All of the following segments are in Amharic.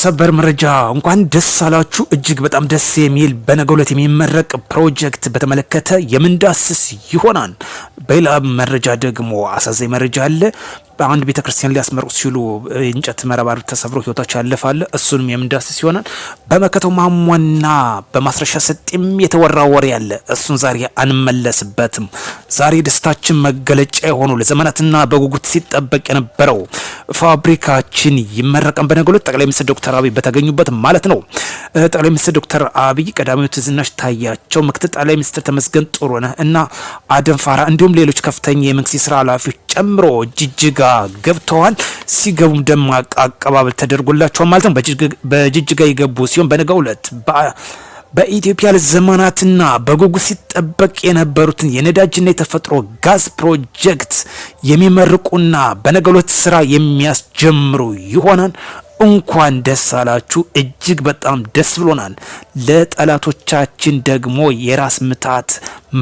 ሰበር መረጃ እንኳን ደስ አላችሁ። እጅግ በጣም ደስ የሚል በነገው ዕለት የሚመረቅ ፕሮጀክት በተመለከተ የምንዳስስ ይሆናል። በሌላ መረጃ ደግሞ አሳዛኝ መረጃ አለ። በአንድ ቤተ ክርስቲያን ሊያስመሩ ሲሉ እንጨት መረባር ተሰብሮ ህይወታቸው ያለፋል። እሱንም የምንዳስስ ይሆናል። በመከተው ማሟና በማስረሻ ሰጤም የተወራ ወሬ ያለ እሱን ዛሬ አንመለስበትም። ዛሬ ደስታችን መገለጫ የሆኑ ለዘመናትና በጉጉት ሲጠበቅ የነበረው ፋብሪካችን ይመረቀን በነገሎት ጠቅላይ ሚኒስትር ዶክተር አብይ በተገኙበት ማለት ነው። ጠቅላይ ሚኒስትር ዶክተር አብይ፣ ቀዳማዊ ትዝናሽ ታያቸው፣ ምክትል ጠቅላይ ሚኒስትር ተመስገን ጥሩነህ እና አደም ፋራ እንዲሁም ሌሎች ከፍተኛ የመንግስት የስራ ኃላፊዎች ጨምሮ ጅጅጋ ገብተዋል። ሲገቡም ደማቅ አቀባበል ተደርጎላቸዋል ማለት ነው። በጅጅጋ የገቡ ሲሆን በነገው ዕለት በኢትዮጵያ ለዘመናትና በጉጉት ሲጠበቅ የነበሩትን የነዳጅና የተፈጥሮ ጋዝ ፕሮጀክት የሚመርቁና በነገሎት ስራ የሚያስጀምሩ ይሆናል። እንኳን ደስ አላችሁ። እጅግ በጣም ደስ ብሎናል። ለጠላቶቻችን ደግሞ የራስ ምታት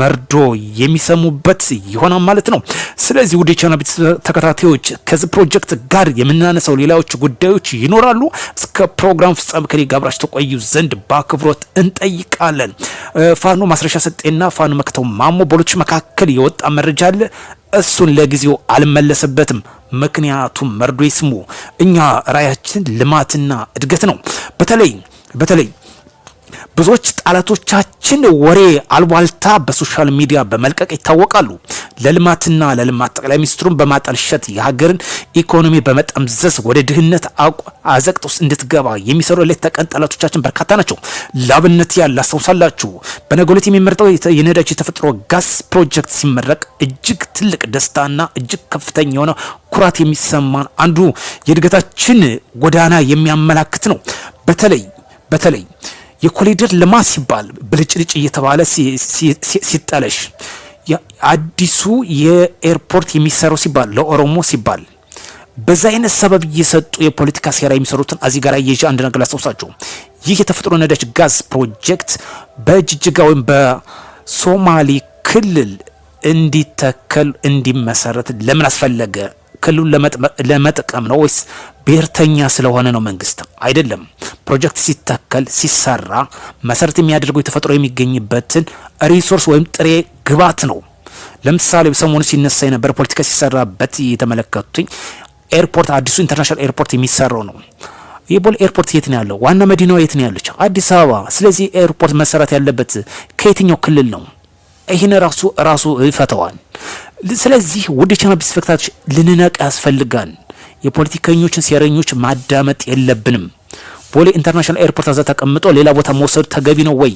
መርዶ የሚሰሙበት ይሆናል ማለት ነው። ስለዚህ ውድ የቻና ቤት ተከታታዮች ከዚህ ፕሮጀክት ጋር የምናነሳው ሌላዎች ጉዳዮች ይኖራሉ። እስከ ፕሮግራም ፍጻሜ ከኔ ጋር አብራችሁ ተቆዩ ዘንድ በአክብሮት እንጠይቃለን። ፋኖ ማስረሻ ሰጤና ፋኖ መክተው ማሞ ቦሎች መካከል የወጣ መረጃ አለ። እሱን ለጊዜው አልመለሰበትም። ምክንያቱም መርዶ ይስሙ። እኛ ራያችን ልማትና እድገት ነው። በተለይ በተለይ ብዙዎች ጠላቶቻችን ወሬ አልባልታ በሶሻል ሚዲያ በመልቀቅ ይታወቃሉ። ለልማትና ለልማት ጠቅላይ ሚኒስትሩን በማጠልሸት የሀገርን ኢኮኖሚ በመጠምዘዝ ወደ ድህነት አዘቅት ውስጥ እንድትገባ የሚሰሩ ሌት ተቀን ጠላቶቻችን በርካታ ናቸው። ላብነት ያህል ላስታውሳላችሁ፣ በነገው ዕለት የሚመረጠው የነዳጅ የተፈጥሮ ጋዝ ፕሮጀክት ሲመረቅ እጅግ ትልቅ ደስታና እጅግ ከፍተኛ የሆነ ኩራት የሚሰማን አንዱ የእድገታችን ጎዳና የሚያመላክት ነው። በተለይ በተለይ የኮሊደር ልማት ሲባል ብልጭልጭ እየተባለ ሲጠለሽ አዲሱ የኤርፖርት የሚሰራው ሲባል ለኦሮሞ ሲባል በዛ አይነት ሰበብ እየሰጡ የፖለቲካ ሴራ የሚሰሩትን እዚህ ጋር የዥ አንድ ነገር ላስታውሳችሁ። ይህ የተፈጥሮ ነዳጅ ጋዝ ፕሮጀክት በጅጅጋ ወይም በሶማሌ ክልል እንዲተከል እንዲመሰረት ለምን አስፈለገ? ክልሉን ለመጥቀም ነው ወይስ ብሔርተኛ ስለሆነ ነው? መንግስት አይደለም። ፕሮጀክት ሲተከል ሲሰራ መሰረት የሚያደርገው የተፈጥሮ የሚገኝበትን ሪሶርስ ወይም ጥሬ ግብዓት ነው። ለምሳሌ ሰሞኑ ሲነሳ የነበረ ፖለቲካ ሲሰራበት የተመለከቱኝ ኤርፖርት አዲሱ ኢንተርናሽናል ኤርፖርት የሚሰራው ነው። የቦሌ ኤርፖርት የት ነው ያለው? ዋና መዲናዋ የት ነው ያለች? አዲስ አበባ። ስለዚህ ኤርፖርት መሰራት ያለበት ከየትኛው ክልል ነው? ይህን ራሱ ራሱ ይፈተዋል። ስለዚህ ወደ ቻናል ፈክታች ልንነቅ ያስፈልጋል። የፖለቲከኞችን ሴረኞች ማዳመጥ የለብንም። ቦሌ ኢንተርናሽናል ኤርፖርት እዛ ተቀምጦ ሌላ ቦታ መውሰዱ ተገቢ ነው ወይ?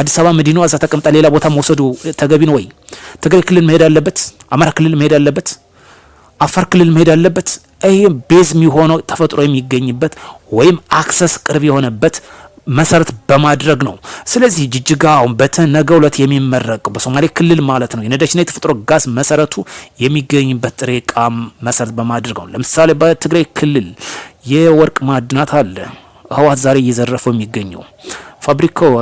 አዲስ አበባ መዲናዋ እዛ ተቀምጣ ሌላ ቦታ መውሰዱ ተገቢ ነው ወይ? ትግራይ ክልል መሄድ አለበት? አማራ ክልል መሄድ አለበት? አፋር ክልል መሄድ አለበት? ይህ ቤዝ የሚሆነው ተፈጥሮ የሚገኝበት ወይም አክሰስ ቅርብ የሆነበት መሰረት በማድረግ ነው። ስለዚህ ጅጅጋ አሁን በነገው ዕለት የሚመረቅ በሶማሌ ክልል ማለት ነው የነዳጅና የተፈጥሮ ጋዝ መሰረቱ የሚገኝበት ጥሬ መሰረት በማድረግ ነው። ለምሳሌ በትግራይ ክልል የወርቅ ማዕድናት አለ። ህወሓት ዛሬ እየዘረፈው የሚገኘው ፋብሪካው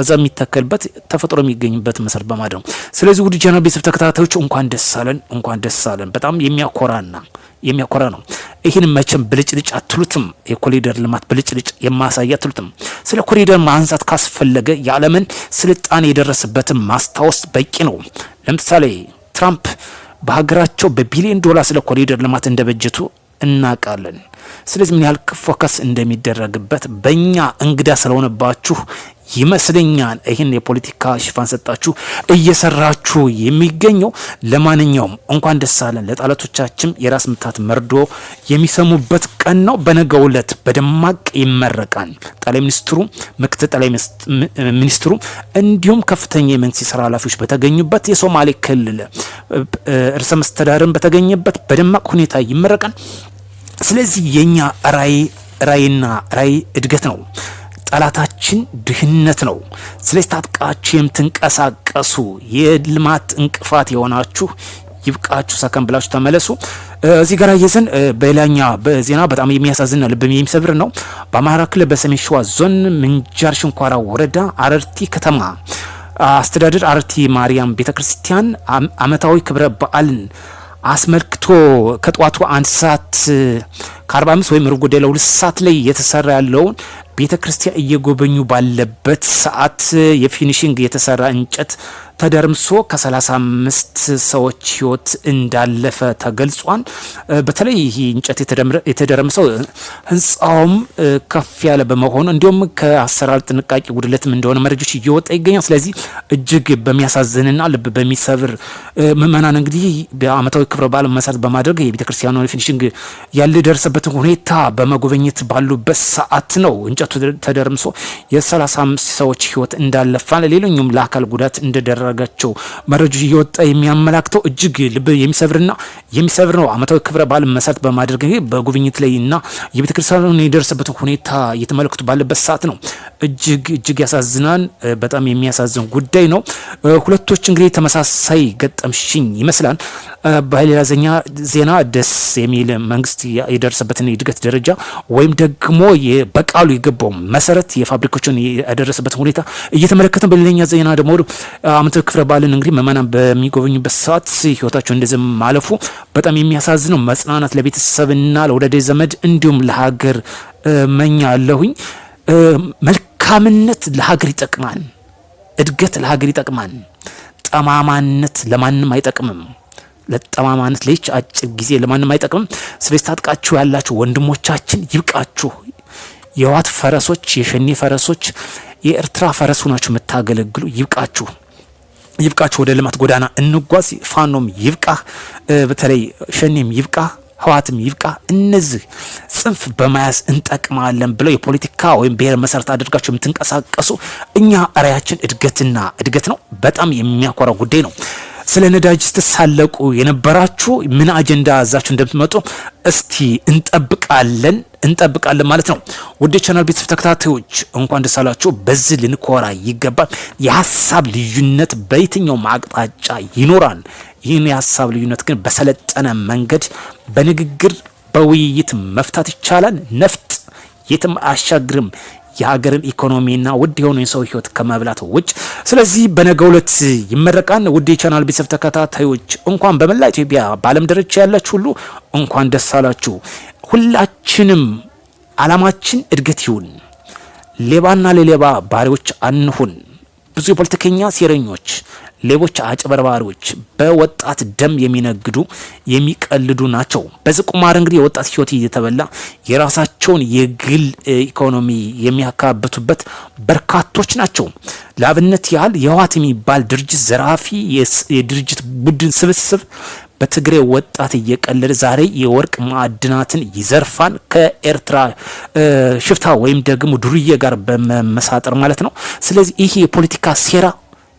እዛ የሚተከልበት ተፈጥሮ የሚገኝበት መሰረት በማድረግ ነው። ስለዚህ ውድ ቻናል ቤተሰብ ተከታታዮች እንኳን ደስ አለን፣ እንኳን ደስ አለን። በጣም የሚያኮራና የሚያኮራ ነው። ይህን መቼም ብልጭልጭ አትሉትም። የኮሊደር ልማት ብልጭልጭ የማሳይ አትሉትም። ስለ ኮሪደር ማንሳት ካስፈለገ የዓለምን ስልጣኔ የደረሰበትን ማስታወስ በቂ ነው። ለምሳሌ ትራምፕ በሀገራቸው በቢሊዮን ዶላር ስለ ኮሪደር ልማት እንደበጀቱ እናውቃለን። ስለዚህ ምን ያህል ፎከስ እንደሚደረግበት በእኛ እንግዳ ስለሆነባችሁ ይመስለኛል። ይህን የፖለቲካ ሽፋን ሰጣችሁ እየሰራችሁ የሚገኘው ለማንኛውም እንኳን ደስ አለን። ለጠላቶቻችን የራስ ምታት መርዶ የሚሰሙበት ቀን ነው። በነገው ዕለት በደማቅ ይመረቃል። ጠቅላይ ሚኒስትሩ፣ ምክትል ጠቅላይ ሚኒስትሩ እንዲሁም ከፍተኛ የመንግስት ስራ ኃላፊዎች በተገኙበት የሶማሌ ክልል ርዕሰ መስተዳድርን በተገኘበት በደማቅ ሁኔታ ይመረቃል። ስለዚህ የኛ ራይ ራይና ራይ እድገት ነው። ጠላታችን ድህነት ነው። ስለዚህ ታጥቃችሁ የምትንቀሳቀሱ የልማት እንቅፋት የሆናችሁ ይብቃችሁ፣ ሰከን ብላችሁ ተመለሱ። እዚህ ጋር የዘን በሌላኛ በዜና በጣም የሚያሳዝን ልብ የሚሰብር ነው። በአማራ ክልል በሰሜን ሸዋ ዞን ምንጃር ሽንኳራ ወረዳ አረርቲ ከተማ አስተዳደር አረርቲ ማርያም ቤተ ክርስቲያን አመታዊ ክብረ በዓልን አስመልክቶ ከጠዋቱ አንድ ሰዓት ከአርባ 45 ወይም ሩብ ለሁለት ሰዓት ላይ የተሰራ ያለውን ቤተ ክርስቲያን እየጎበኙ ባለበት ሰዓት የፊኒሽንግ የተሰራ እንጨት ተደርምሶ ከ35 ሰዎች ህይወት እንዳለፈ ተገልጿል። በተለይ ይህ እንጨት የተደረምሰው ህንፃውም ከፍ ያለ በመሆኑ እንዲሁም ከአሰራር ጥንቃቄ ጉድለትም እንደሆነ መረጃዎች እየወጣ ይገኛል። ስለዚህ እጅግ በሚያሳዝንና ልብ በሚሰብር ምእመናን እንግዲህ በአመታዊ ክብረ በዓል መሰረት በማድረግ የቤተክርስቲያኗ ፊኒሽንግ ያለ ያለበትን ሁኔታ በመጎብኘት ባሉበት ሰዓት ነው እንጨቱ ተደርምሶ የ35 ሰዎች ህይወት እንዳለፋ ሌሎኛም ለአካል ጉዳት እንደደረጋቸው መረጃ እየወጣ የሚያመላክተው እጅግ ልብ የሚሰብርና የሚሰብር ነው። ዓመታዊ ክብረ በዓል መሰረት በማድረግ በጉብኝት ላይ እና ክርስቲያኑን የደረሰበት ሁኔታ እየተመለከቱ ባለበት ሰዓት ነው። እጅግ እጅግ ያሳዝናል። በጣም የሚያሳዝን ጉዳይ ነው። ሁለቶች እንግዲህ ተመሳሳይ ገጠምሽኝ ይመስላል። በሌላ ዜና ደስ የሚል መንግስት የደረሰ። የደረሰበትን የእድገት ደረጃ ወይም ደግሞ በቃሉ የገባው መሰረት የፋብሪኮችን ያደረሰበትን ሁኔታ እየተመለከተን በሌላኛ ዜና ደግሞ ዓመተ ክፍረ በዓልን እንግዲህ ምዕመናን በሚጎበኙበት ሰዓት ህይወታቸው እንደዚህ ማለፉ በጣም የሚያሳዝነው መጽናናት ለቤተሰብና ለወዳጅ ዘመድ እንዲሁም ለሀገር አለሁኝ። መልካምነት ለሀገር ይጠቅማል። እድገት ለሀገር ይጠቅማል። ጠማማነት ለማንም አይጠቅምም። ለጠማማነት ለይች አጭር ጊዜ ለማንም አይጠቅምም። ስለዚህ ታጥቃችሁ ያላችሁ ወንድሞቻችን ይብቃችሁ። የዋት ፈረሶች፣ የሸኔ ፈረሶች፣ የኤርትራ ፈረስ ሆናችሁ የምታገለግሉ ይብቃችሁ፣ ይብቃችሁ። ወደ ልማት ጎዳና እንጓዝ። ፋኖም ይብቃ በተለይ ሸኔም ይብቃ ህዋትም ይብቃ። እነዚህ ጽንፍ በመያዝ እንጠቅማለን ብለው የፖለቲካ ወይም ብሔር መሰረት አድርጋቸው የምትንቀሳቀሱ እኛ ራዕያችን እድገትና እድገት ነው። በጣም የሚያኮራ ጉዳይ ነው። ስለ ነዳጅ ስትሳለቁ የነበራችሁ ምን አጀንዳ ያዛችሁ እንደምትመጡ እስቲ እንጠብቃለን እንጠብቃለን ማለት ነው። ውድ ቻናል ቤተሰብ ተከታታዮች እንኳን ደስ አላችሁ። በዚህ ልንኮራ ይገባል። የሀሳብ ልዩነት በየትኛው አቅጣጫ ይኖራል። ይህን የሀሳብ ልዩነት ግን በሰለጠነ መንገድ በንግግር በውይይት መፍታት ይቻላል። ነፍጥ የትም አሻግርም የሀገርን ኢኮኖሚና ውድ የሆኑ የሰው ህይወት ከመብላት ውጭ። ስለዚህ በነገ ሁለት ይመረቃል። ውድ የቻናል ቤተሰብ ተከታታዮች እንኳን በመላ ኢትዮጵያ በዓለም ደረጃ ያላችሁ ሁሉ እንኳን ደስ አላችሁ። ሁላችንም አላማችን እድገት ይሁን። ሌባና ለሌባ ባሪዎች አንሁን። ብዙ የፖለቲከኛ ሴረኞች ሌቦች፣ አጭበርባሪዎች፣ በወጣት ደም የሚነግዱ የሚቀልዱ ናቸው። በዚህ ቁማር እንግዲህ የወጣት ህይወት እየተበላ የራሳቸውን የግል ኢኮኖሚ የሚያካብቱበት በርካቶች ናቸው። ለአብነት ያህል የህወሓት የሚባል ድርጅት ዘራፊ የድርጅት ቡድን ስብስብ በትግሬ ወጣት እየቀለደ ዛሬ የወርቅ ማዕድናትን ይዘርፋል። ከኤርትራ ሽፍታ ወይም ደግሞ ዱርዬ ጋር በመመሳጠር ማለት ነው። ስለዚህ ይህ የፖለቲካ ሴራ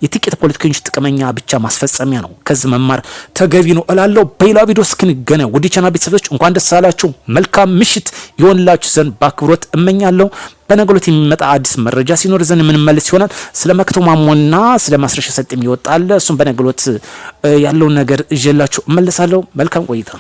የጥቂት ፖለቲከኞች ጥቅመኛ ብቻ ማስፈጸሚያ ነው። ከዚህ መማር ተገቢ ነው እላለሁ። በሌላ ቪዲዮ እስክንገናኝ ውድ ቻናል ቤተሰቦች እንኳን ደስ አላችሁ። መልካም ምሽት ይሆንላችሁ ዘንድ በአክብሮት እመኛለሁ። በነገሎት የሚመጣ አዲስ መረጃ ሲኖር ዘንድ የምንመለስ ይሆናል። ስለ መክቶ ማሞና ስለ ማስረሻ ሰጤም ይወጣል። እሱም በነገሎት ዕለት ያለውን ነገር እዤላችሁ እመለሳለሁ። መልካም ቆይታ